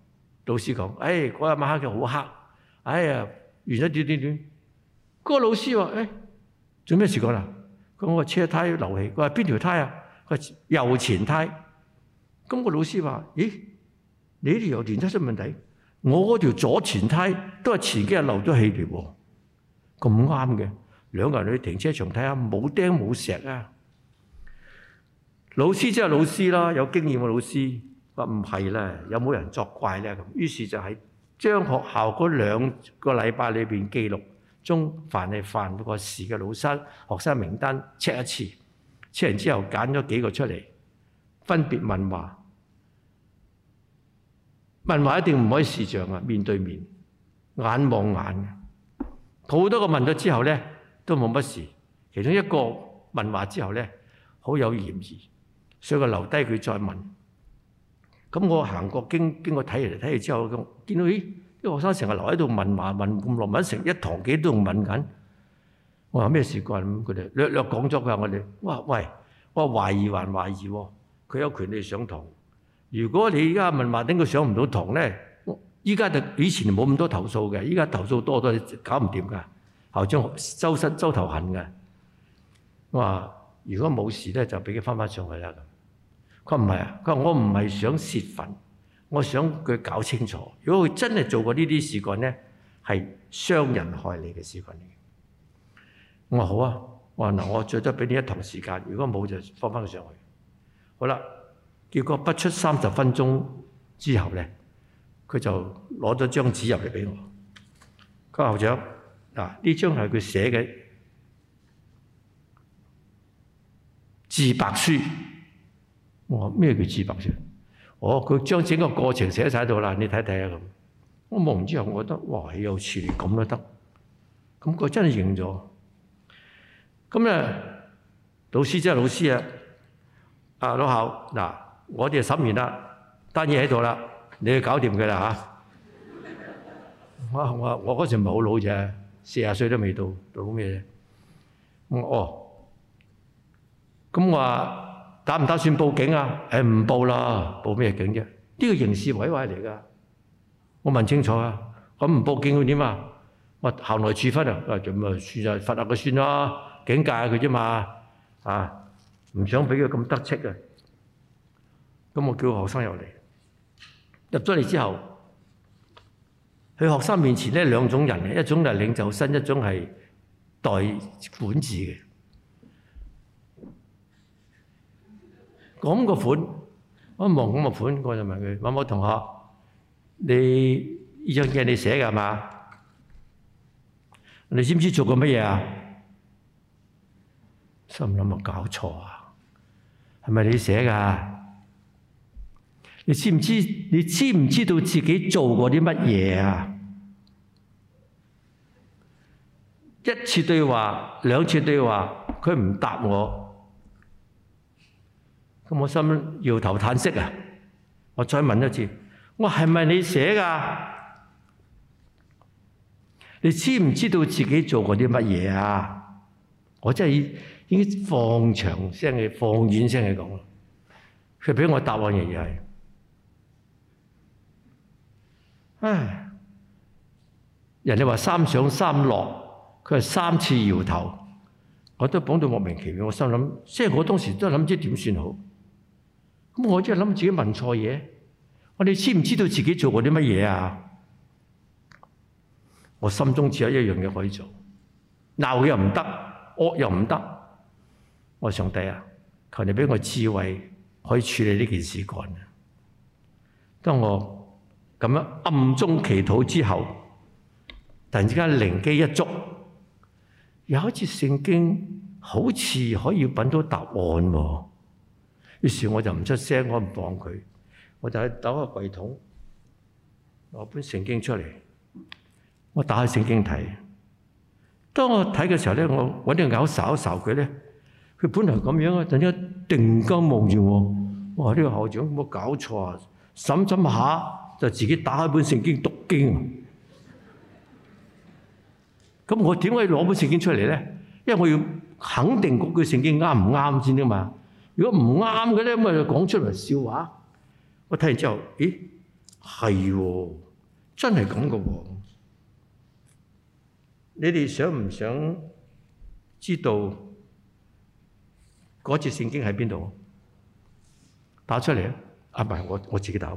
老師講：誒嗰日晚黑就好黑，哎呀完咗斷斷斷。個老師話：誒做咩事幹、啊、啦？佢話我車胎漏氣。佢話邊條胎啊？佢話右前胎。咁個老師話：咦，你條右前胎出問題？我嗰條左前胎都係前幾日漏咗氣嘅喎，咁啱嘅，兩個人去停車場睇下，冇釘冇石啊。老師即係老師啦，有經驗嘅老師話唔係啦，有冇人作怪咧？咁於是就喺將學校嗰兩個禮拜裏邊記錄中凡係犯過事嘅老師學生名單 check 一次，check 完之後揀咗幾個出嚟，分別問話。問話一定唔可以視像啊，面對面、眼望眼。好多個問咗之後呢，都冇乜事。其中一個問話之後呢，好有嫌疑，所以佢留低佢再問。咁我行過經經過睇嚟睇去之後，我見到咦啲學生成日留喺度問話問咁耐，問成一堂幾都問緊。我話咩事幹？佢哋略略講咗佢話我哋。我話喂，我懷疑還懷疑喎，佢有權利上堂。如果你而家問麥丁佢上唔到堂咧，依家就以前冇咁多投訴嘅，依家投訴多咗，搞唔掂㗎。校長周身周頭痕嘅，我話如果冇事咧，就俾佢翻翻上去啦。佢話唔係啊，佢話我唔係想泄憤，我想佢搞清楚。如果佢真係做過呢啲事幹咧，係傷人害你嘅事幹嚟嘅。我話好啊，我話嗱，我著咗俾你一堂時間，如果冇就放翻佢上去。好啦。結果不出三十分鐘之後呢，佢就攞咗張紙入嚟俾我。個校長嗱，呢張係佢寫嘅自白書。我話咩叫自白書？我佢將整個過程寫曬到啦，你睇睇啊咁。我望完之後，我覺得哇，豈有此理，咁都得。行他佢真係認咗。咁呢，老師真係老師啊。啊，老校我哋審完啦，單嘢喺度啦，你去搞掂佢啦嚇。我話我我嗰時唔係好老啫，四十歲都未到，做咩啫？我哦，咁我話打唔打算報警啊？誒唔報啦，報咩警啫？呢個刑事毀壞嚟㗎，我問清楚啊。咁唔報警會點啊？我校內處分啊，咁啊算啊罰下佢算咯，警戒佢啫嘛。啊，唔想俾佢咁得戚啊！我叫學生入嚟，入咗嚟之後，喺學生面前咧兩種人，一種係領袖身，一種係代管治嘅。講個款，我望咁個款，我就問佢：，某某同學，你呢張紙你寫㗎係嘛？你知唔知道做過乜嘢啊？心諗冇搞錯啊，係是咪是你寫㗎？你知唔知？你知唔知道自己做過啲乜嘢啊？一次對話，兩次對話，佢唔答我，咁我心搖頭嘆息啊！我再問一次，我係咪你寫噶？你知唔知道自己做過啲乜嘢啊？我真係已經放長聲嘅、放軟聲嘅講，佢俾我答案，仍然係。唉，人哋話「三上三落」，佢係三次搖頭，我都講到莫名其妙。我心諗，即係我當時都諗想知點算好。咁我真係諗自己問錯嘢。我你知唔知道自己做過啲乜嘢啊？我心中只有一樣嘢可以做，鬧又唔得，惡又唔得。我上帝啊，求你給我智慧可以處理呢件事幹。當我。咁樣暗中祈禱之後，突然之間靈機一觸，有一次聖經好似可以揾到答案喎。於是我就唔出聲，我唔放佢，我就去揼個櫃桶攞本聖經出嚟，我打開聖經睇。當我睇嘅時候，我揾啲眼睄一睄佢，他佢本嚟咁樣啊，突然間定睛望住我，我哇！呢、這個校長有冇搞錯啊？審審下。就自己打開本聖經讀經，咁我點解要攞本聖經出嚟咧？因為我要肯定嗰句聖經啱唔啱先啫嘛。如果唔啱嘅咧，咁啊講出嚟笑話。我睇完之後，咦係喎、哦，真係咁嘅喎。你哋想唔想知道嗰節聖經喺邊度？打出嚟啊！啊唔係，我我自己打喎。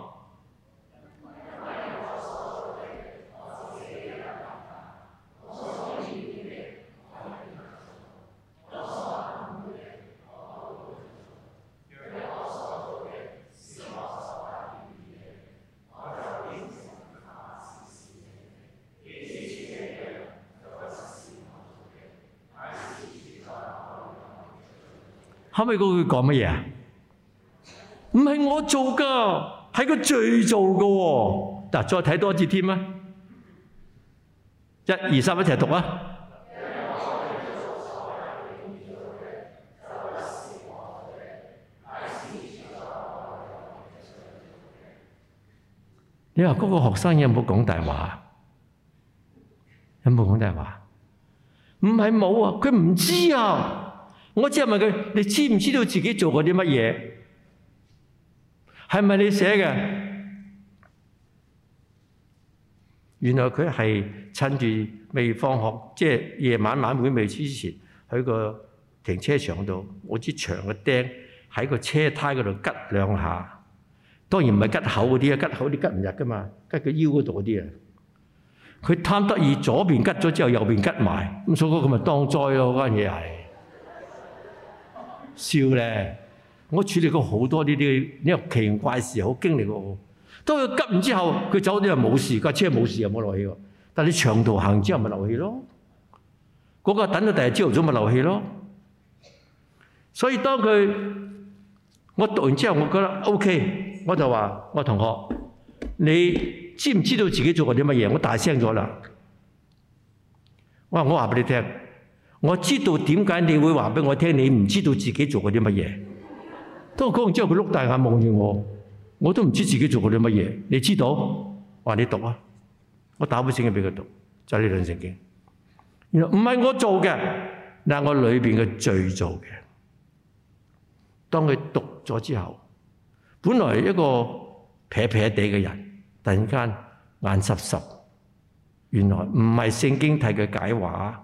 後屘嗰句講乜嘢啊？唔係我做㗎，係個罪做㗎喎。嗱，再睇多一次添啊！一二三，一齊讀啊！你話嗰個學生有冇講大話？有冇講大話？唔係冇啊，佢唔知啊。我只係問佢：你知唔知道自己做過啲乜嘢？係咪你寫嘅？原來佢係趁住未放學，即係夜晚晚會未之前，喺個停車場度，我知長嘅釘喺個車胎嗰度刉兩下。當然唔係刉口嗰啲啊，刉口啲刉唔入噶嘛，刉個腰嗰度嗰啲啊。佢貪得意，左邊刉咗之後，右邊刉埋，咁所以佢咪當災咯，嗰樣嘢係。笑咧！我處理過好多呢啲呢個奇怪事，好經歷過我。當佢急完之後，佢走咗又冇事，架車冇事又冇漏氣喎。但係你長途行之後咪漏氣咯？嗰個等到第二朝頭早咪漏氣咯。所以當佢我讀完之後，我覺得 OK，我就話我同學：你知唔知道自己做過啲乜嘢？我大聲咗啦！我話我話畀你聽。我知道點解你會話俾我聽，你唔知道自己做過啲乜嘢。當講完之後，佢碌大眼望住我，我都唔知道自己做過啲乜嘢。你知道？話你讀啊，我打部聖經俾佢讀，就係呢本聖經。原來唔係我做嘅，係我裏面嘅罪做嘅。當佢讀咗之後，本來一個撇撇地嘅人，突然間眼濕濕。原來唔係聖經替佢解話。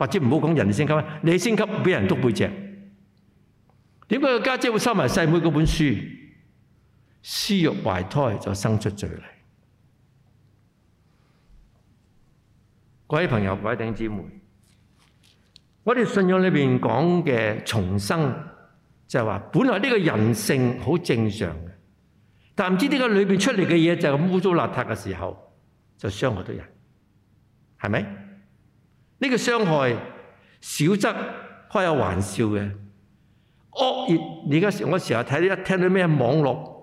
或者唔好講人哋升級，你升級俾人督背脊。點解個家姐會收埋細妹嗰本書？私欲懷胎就生出罪嚟。各位朋友、各位弟兄姊妹，我哋信仰裏邊講嘅重生，就係話本來呢個人性好正常嘅，但唔知呢個裏邊出嚟嘅嘢就咁污糟邋遢嘅時候，就傷害到人，係咪？呢個傷害少則開下玩笑嘅惡意，你而時我成日睇啲一聽到咩網絡、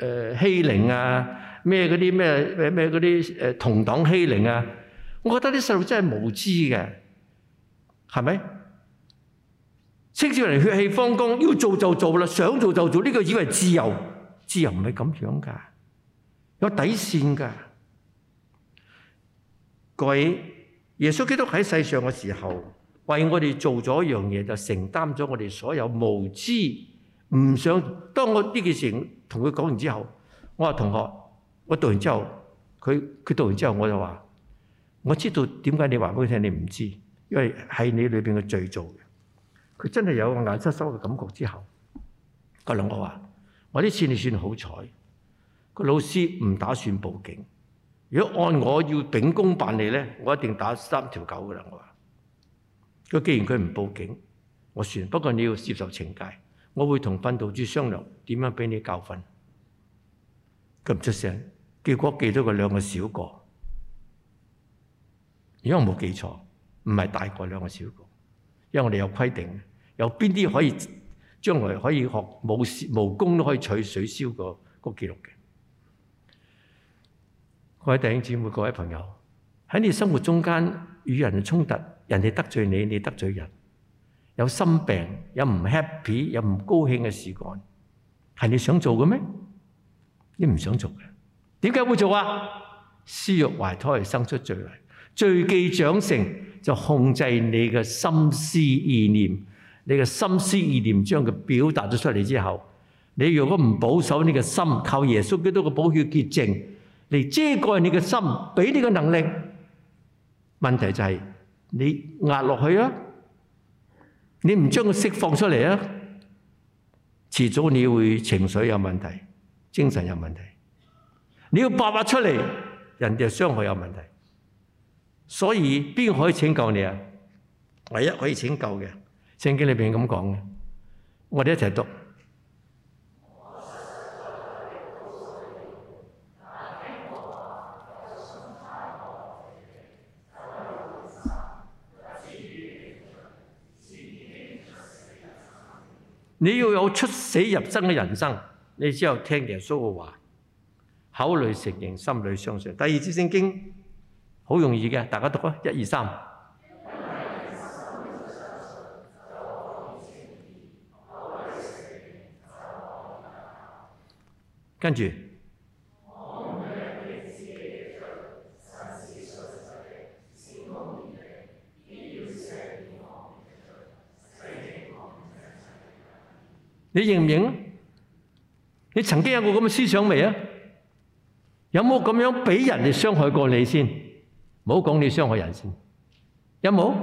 呃、欺凌啊，咩嗰啲咩同黨欺凌啊，我覺得啲細路真係無知嘅，係咪？青少年血氣方剛，要做就做啦，想做就做。呢、呢個以為自由，自由唔係噉樣㗎，有底線㗎，各位耶穌基督喺世上嘅時候，為我哋做咗一樣嘢，就承擔咗我哋所有無知、唔想。當我呢件事同佢講完之後，我話同學，我讀完之後，佢佢讀完之後，我就話，我知道點解你話俾我聽，你唔知道，因為係你裏面嘅罪做嘅。佢真係有個眼濕濕嘅感覺之後，個同學話：我呢次你算好彩，個老師唔打算報警。如果按我要秉公辦理呢，我一定打三條狗㗎喇。我話既然佢唔報警，我算不過，你要接受懲戒，我會同訓導主任商量點樣俾你教訓。佢唔出聲，結果記咗個，個，個兩個小過，如果我冇記錯，唔係大過，兩個小過，因為我哋有規定，有邊啲可以將來可以學無，無功都可以取消嗰個記錄嘅。各位弟兄姊妹、各位朋友，喺你生活中間與人嘅衝突，人哋得罪你，你得罪人，有心病，有唔 happy，有唔高興嘅事幹，係你想做嘅咩？你唔想做嘅，點解會做啊？私欲懷胎生出罪來，罪既長成就控制你嘅心思意念，你嘅心思意念將佢表達咗出嚟之後，你如果唔保守你嘅心，靠耶穌基督嘅寶血潔淨。嚟遮蓋你嘅心，俾你嘅能力。問題就係你壓落去啊，你唔將佢釋放出嚟啊，遲早你會情緒有問題，精神有問題。你要爆發出嚟，人哋又傷害有問題。所以邊個可以拯救你啊？唯一可以拯救嘅，聖經裏面咁講嘅，我哋一齊讀。你要有出死入生嘅人生，你只有聽耶穌嘅話，口裏承認，心裏相信。第二節聖經好容易嘅，大家讀啊，一二三。跟住。你認唔認啊？你曾經有過咁嘅思想未啊？有冇咁樣俾人哋傷害過你先？唔好講你傷害人先，有冇？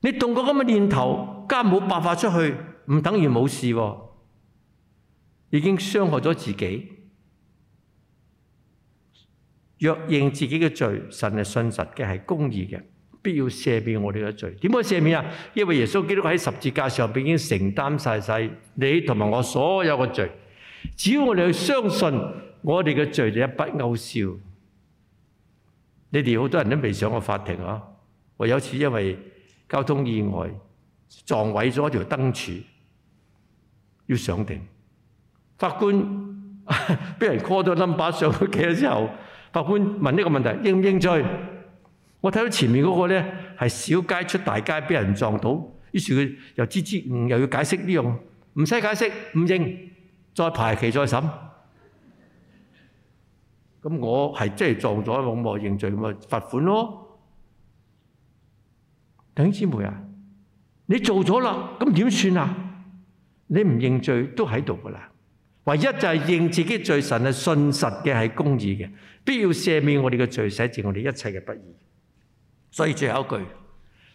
你動過咁嘅念頭，而家冇爆發出去，唔等於冇事，已經傷害咗自己。若認自己嘅罪，神係信實嘅，係公義嘅。必要赦免我哋嘅罪，點解赦免啊？因為耶穌基督喺十字架上邊已經承擔曬曬你同埋我所有嘅罪。只要我哋去相信，我哋嘅罪就一筆勾銷。你哋好多人都未上過法庭啊！我有次因為交通意外撞毀咗一條燈柱，要上庭。法官俾人 call 咗 number 上去企咗之後，法官問呢個問題：應唔應罪？我睇到前面嗰個咧係小街出大街俾人撞到，於是佢又支支吾吾，又要解釋呢樣，唔使解釋，唔認，再排期再審。咁我係真係撞咗，我咪認罪，咁咪罰款咯。弟兄姊妹啊，你做咗啦，咁點算啊？你唔認罪都喺度㗎喇，唯一就係認自己罪。神係信實嘅，係公義嘅，必要赦免我哋嘅罪，洗淨我哋一切嘅不義。所以最後一句，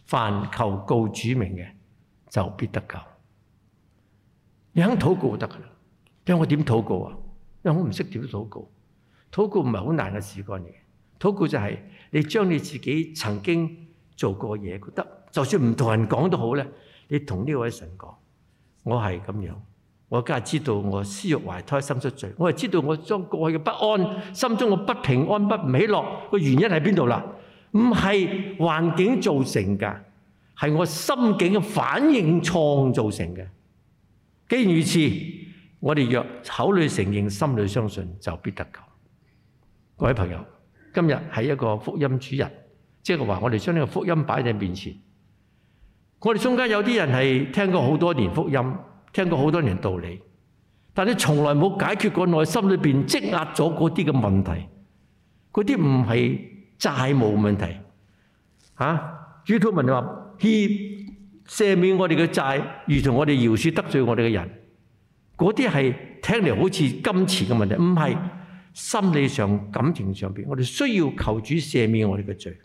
凡求告主名嘅就必得救。你肯禱告就得噶啦，因為我點禱告啊？因為我唔識點禱告。禱告唔係好難嘅事嚟嘅。禱告就係你將你自己曾經做過嘢，覺得就算唔同人講都好咧，你同呢位神講：我係咁樣，我梗係知道我私欲懷胎生出罪，我係知道我將過去嘅不安、心中嘅不平安、不喜樂個原因喺邊度啦。唔係環境造成嘅，係我心境嘅反應創造成嘅。既然如此，我哋若口裏承認，心裏相信，就必得救。各位朋友，今日係一個福音主日，即係話我哋將呢個福音擺喺你面前。我哋中間有啲人係聽過好多年福音，聽過好多年道理，但係你從來冇解決過內心裏邊積壓咗嗰啲嘅問題，嗰啲唔係，債務問題啊，主禱文就話：佢赦免我哋嘅債，如同我哋饒恕得罪我哋嘅人。嗰啲係聽嚟好似金錢嘅問題，唔係心理上、感情上面。我哋需要求主赦免我哋嘅罪。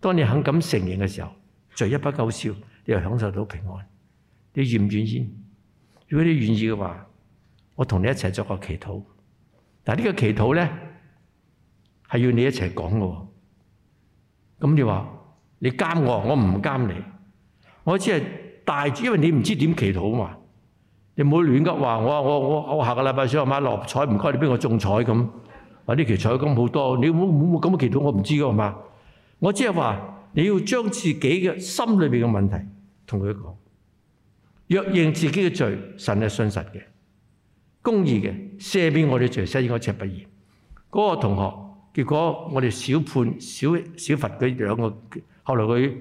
當你肯噉承認嘅時候，罪一筆勾銷，你就享受到平安。你願唔願意？如果你願意嘅話，我同你一齊作個祈禱。但呢個祈禱咧，係要你一齊講嘅。咁你話你監我，我唔監你，我只係大，因為你唔知點祈禱啊嘛。你唔好亂噏話，我我，我下個禮拜想買六合彩，唔該你俾我中彩咁。我呢期彩金好多，你唔好唔好咁樣祈禱，我唔知道是我只係話你要將自己嘅心裏面嘅問題同佢講。若認自己嘅罪，神係信實嘅、公義嘅，赦免我哋罪，赦免我一切不義。嗰、那個同學。結果我哋小判小小罰佢兩個，後來佢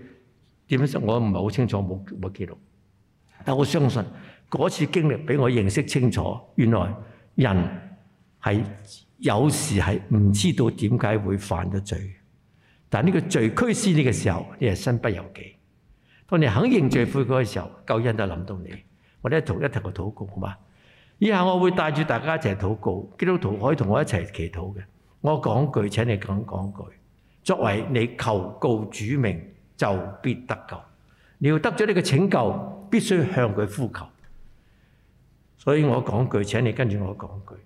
點樣我唔係好清楚，冇冇記錄。但我相信嗰次經歷俾我認識清楚，原來人係有時係唔知道點解會犯咗罪。但係呢個罪驅使呢個時候，你係身不由己。當你肯認罪悔改嘅時候，救恩都諗到你。我哋一堂一堂個禱告好嘛？以下我會帶住大家一齊禱告，基督徒可以同我一齊祈禱嘅。我講句，請你咁講句。作為你求告主名，就必得救。你要得咗呢個拯救，必須向佢呼求。所以我講句，請你跟住我講句。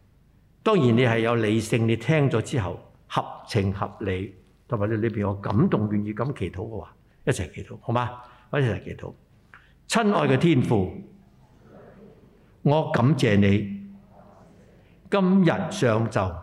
當然你係有理性，你聽咗之後合情合理，同埋你裏邊我感動願意咁祈禱嘅話，一齊祈禱，好嗎？一齊祈禱。親愛嘅天父，我感謝你今日上晝。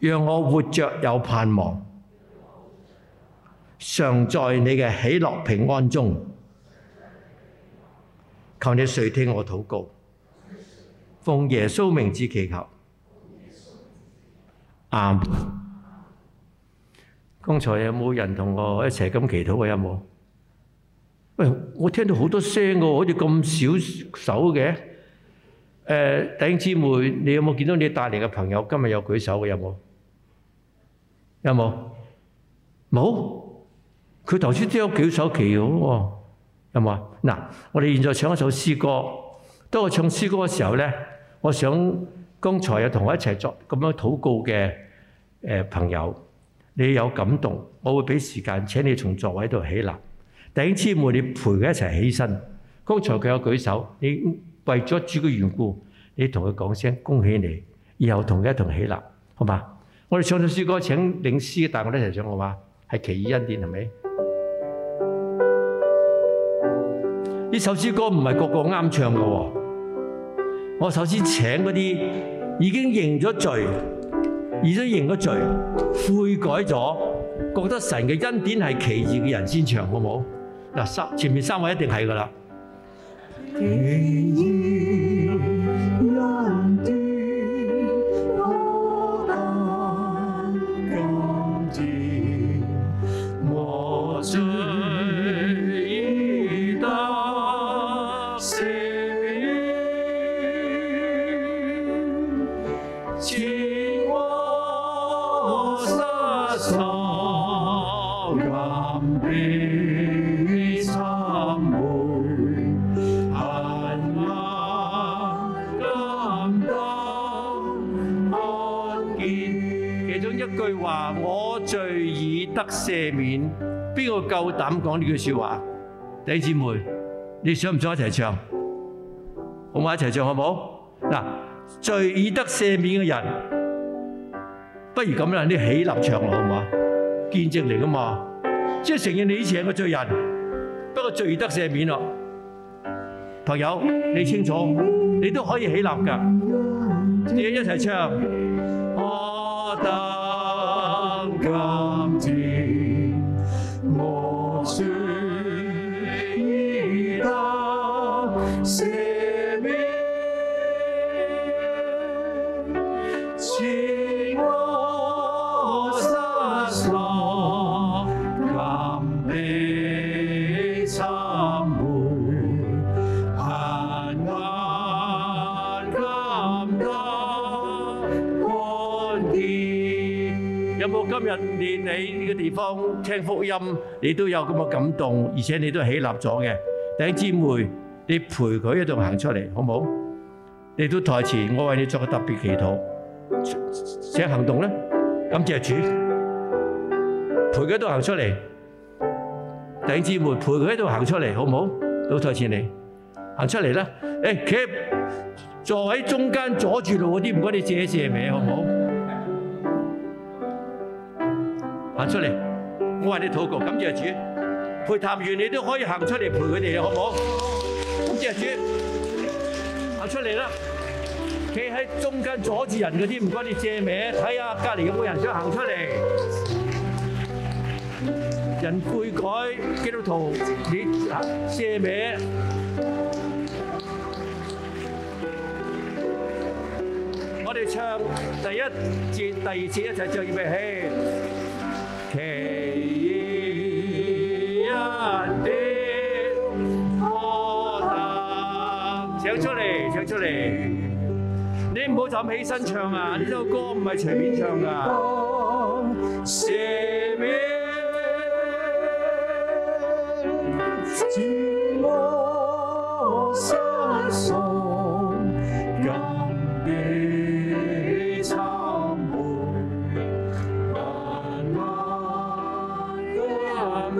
讓我活着有盼望，常在你嘅喜樂平安中，求你垂聽我禱告，奉耶穌名字祈求。阿門。剛才有冇人同我一齊咁祈禱嘅，有冇？喂，我聽到好多聲嘅，好似咁少手嘅。誒，弟兄姊妹，你有冇見到你帶嚟嘅朋友今日有舉手嘅，有冇？有冇？冇？佢頭先都有幾首歌喎，啊。有冇啊？嗱，我哋現在唱一首詩歌。當我唱詩歌嘅時候呢，我想剛才有同我一齊作咁樣禱告嘅朋友，你有感動，我會俾時間請你從座位度起立。頂尖妹，你陪佢一齊起身。剛才佢有舉手，你為咗主嘅緣故，你同佢講聲恭喜你，然後同佢一齊起，起立，好嘛？我哋唱咗詩歌，請領詩嘅大我哋一齊唱好嘛？係奇異恩典係咪？呢首詩歌唔係個個啱唱嘅喎。我首先請嗰啲已經認咗罪、已經認咗罪、悔改咗、覺得神嘅恩典係奇異嘅人先唱好冇？嗱，三前面三位一定係㗎啦。嗯夠膽講呢句說話，弟兄姊妹，你想唔想一齊唱？好唔好一齊唱好唔好？嗱，罪已得赦免嘅人，不如咁啦，你起立唱好唔好？見證嚟噶嘛，即係承認你以前係個罪人，不過罪已得赦免咯，啊。朋友，你清楚，你都可以起立噶，你一齊唱，阿當。你呢個地方聽福音，你都有咁嘅感動，而且你都起立咗嘅。頂姊妹，你陪佢喺度行出嚟，好唔好？你到台前，我為你作個特別祈禱。寫行動咧，感謝主，陪佢喺度行出嚟。頂姊妹，陪佢喺度行出嚟，好唔好？到台前你，行出嚟啦。誒，企坐喺中間阻住路嗰啲，唔該你借一借，好唔好？行出嚟，我為你禱告，感謝主。陪談完你都可以行出嚟陪佢哋，好唔好？感謝主，行出嚟啦。企喺中間阻住人嗰啲，唔該你借命。睇下隔籬有冇人想行出嚟。人悔改，基督徒，你借命。我哋唱第一節、第二節一齊預備起。奇異一啲，負擔，請出嚟，請出嚟，你唔好就咁起身唱啊！呢首歌唔係隨便唱噶。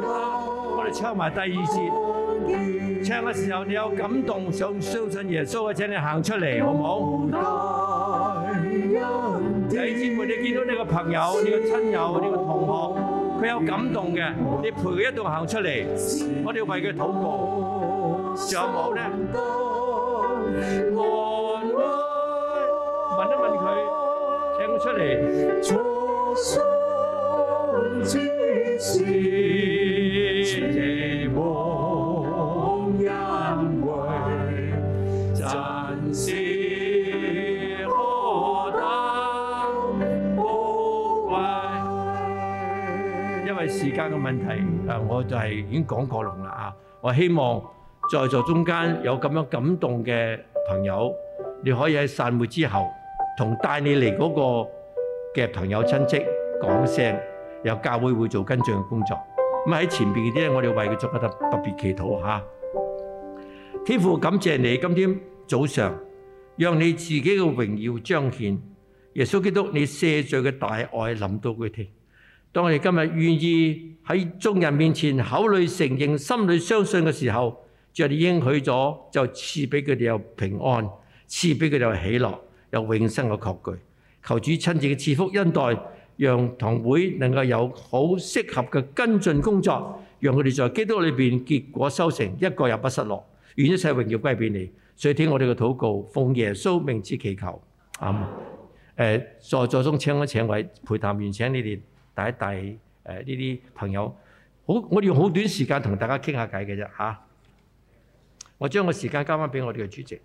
我哋唱埋第二節，唱嘅時候你有感動，想相信耶穌嘅，請你行出嚟，好唔好？弟兄姊妹，你見到你個朋友、你個親友、你個同學，佢有感動嘅，你陪佢一同行出嚟，我哋為佢禱告，仲有冇咧？問一問佢，請佢出嚟。誒，我就係已經講過龍啦啊！我希望在座中間有咁樣感動嘅朋友，你可以喺散會之後同帶你嚟嗰個嘅朋友親戚講聲，有教會會做跟進嘅工作。咁喺前邊嗰啲咧，我哋為佢做一啲特別祈禱嚇。天父感謝你，今天早上讓你自己嘅榮耀彰顯，耶穌基督你赦罪嘅大愛，諗到佢聽。當我哋今日願意喺眾人面前口裏承認、心裏相信嘅時候，主你應許咗，就賜俾佢哋有平安，賜俾佢哋有喜樂，有永生嘅確據。求主親自嘅賜福恩待，讓堂會能夠有好適合嘅跟進工作，讓佢哋在基督裏面結果收成，一個也不失落。願一切榮耀歸俾你。所以聽我哋嘅禱告，奉耶穌名字祈求。在座中請一請位陪談員，請你哋。帶一帶、第、呃、二，呢啲朋友，我我用好短時間同大家傾下偈嘅啫。我將個時間交返俾我哋嘅主席。